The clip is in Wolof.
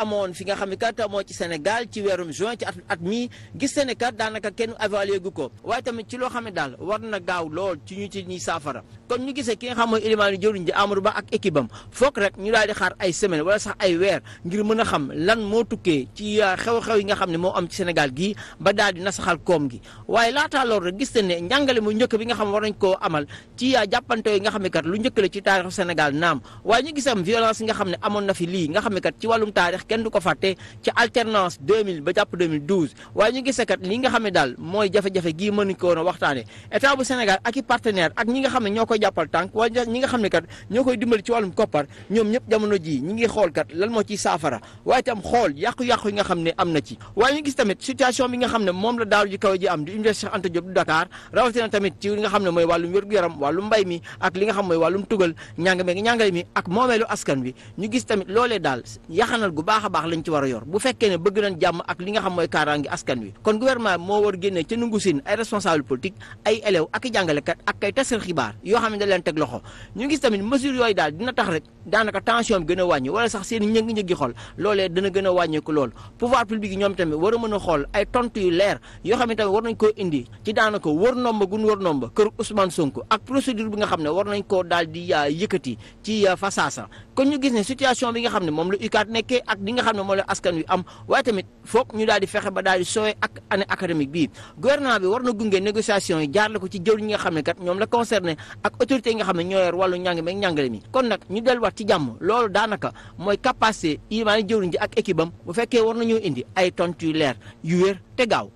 amoon fi nga xam ne kat moo ci Sénégal ci weerum juin ci at at mi gis ne kat daanaka kenn évalué gu ko waaye tamit ci loo xam ne daal war na gaaw lool ci ñu ci ñuy saafara kon ñu gisee ki nga xam mooy ilimaanu jëwriñ ji Amadou Ba ak équipe am ñu daal di xaar ay semaine wala sax ay weer ngir mën a xam lan moo tukkee ci euh, xew-xew yi nga xam ne moo am ci Sénégal gi ba daal na nasaxal koom gi waaye laataa lool rek gis ne njàngale mu njëkk bi nga xam war nañ koo amal ci euh, jàppante yi xam ne kat lu njëkk la ci taarix Sénégal naam waaye ñu gis am violence yi nga xam ne amoon na fi lii nga xam ne kat ci wàllum taarix kenn du ko fàtte ci alternance 2000 ba jàpp 2012 waaye ñu gisee kat li nga xam ne daal mooy jafe-jafe gii mënuñ ko woon a waxtaane état bu Sénégal ak i partenaire ak ñi nga xam ne ñoo koy jàppal tànk wala ñi nga xam ne kat ñoo koy dimbali ci wàllum koppar ñoom ñëpp jamono ji ñi ngi xool kat lan moo ciy saafara waaye itam xool yàqu-yàqu yi nga xam ne am na ci waaye ñu gis tamit situation bi nga xam ne moom la daaru ji kaw ji am di université Cheikh Anta Diop du Dakar rawatina tamit ci li nga xam ne mooy wàllum wér-gu-yaram wàllum mbay mi ak li nga xam mooy wàllum tugal ñàng meeg ñàngale mi ak moomeelu askan wi gis tamit loolee daal yaxanal gu baax a baax lañ ci war a yor bu fekkee ne bëgg nañ jàmm ak li nga xam mooy kaaraangi askan wi kon gouvernement moo war génne ca nungu siin ay responsable politique ay élève ak i jàngalekat ak ay tasar xibaar yoo xam ne da leen teg loxo ñu gis tamit mesure yooyu daal dina tax rek daanaka tension bi gën a wàññi wala sax seen ñëngi-ñëngi xol loolee dina gën a wàññeeku lool pouvoir public yi ñoom tamit war a mën a xool ay tontu yu leer yoo xam ne tamit war kon ñu gis ne situation bi nga xam ne moom la UCAD nekkee ak li nga xam ne moom la askan wi am waaye tamit foog ñu daal di fexe ba daal di soowee ak année académique bii gouvernement bi war na gunge négociation yi jaarale ko ci jëwriñ ñi nga xam ne kat ñoom la concerné ak autorité nga xam ne ñoo yor wàllu njàng meeg njàngale mi kon nag ñu delluwaat ci jàmm loolu daanaka mooy capacité imaani jëwriñ ji ak équipe bu fekkee war nañoo indi ay ton yu leer yu wér te gaaw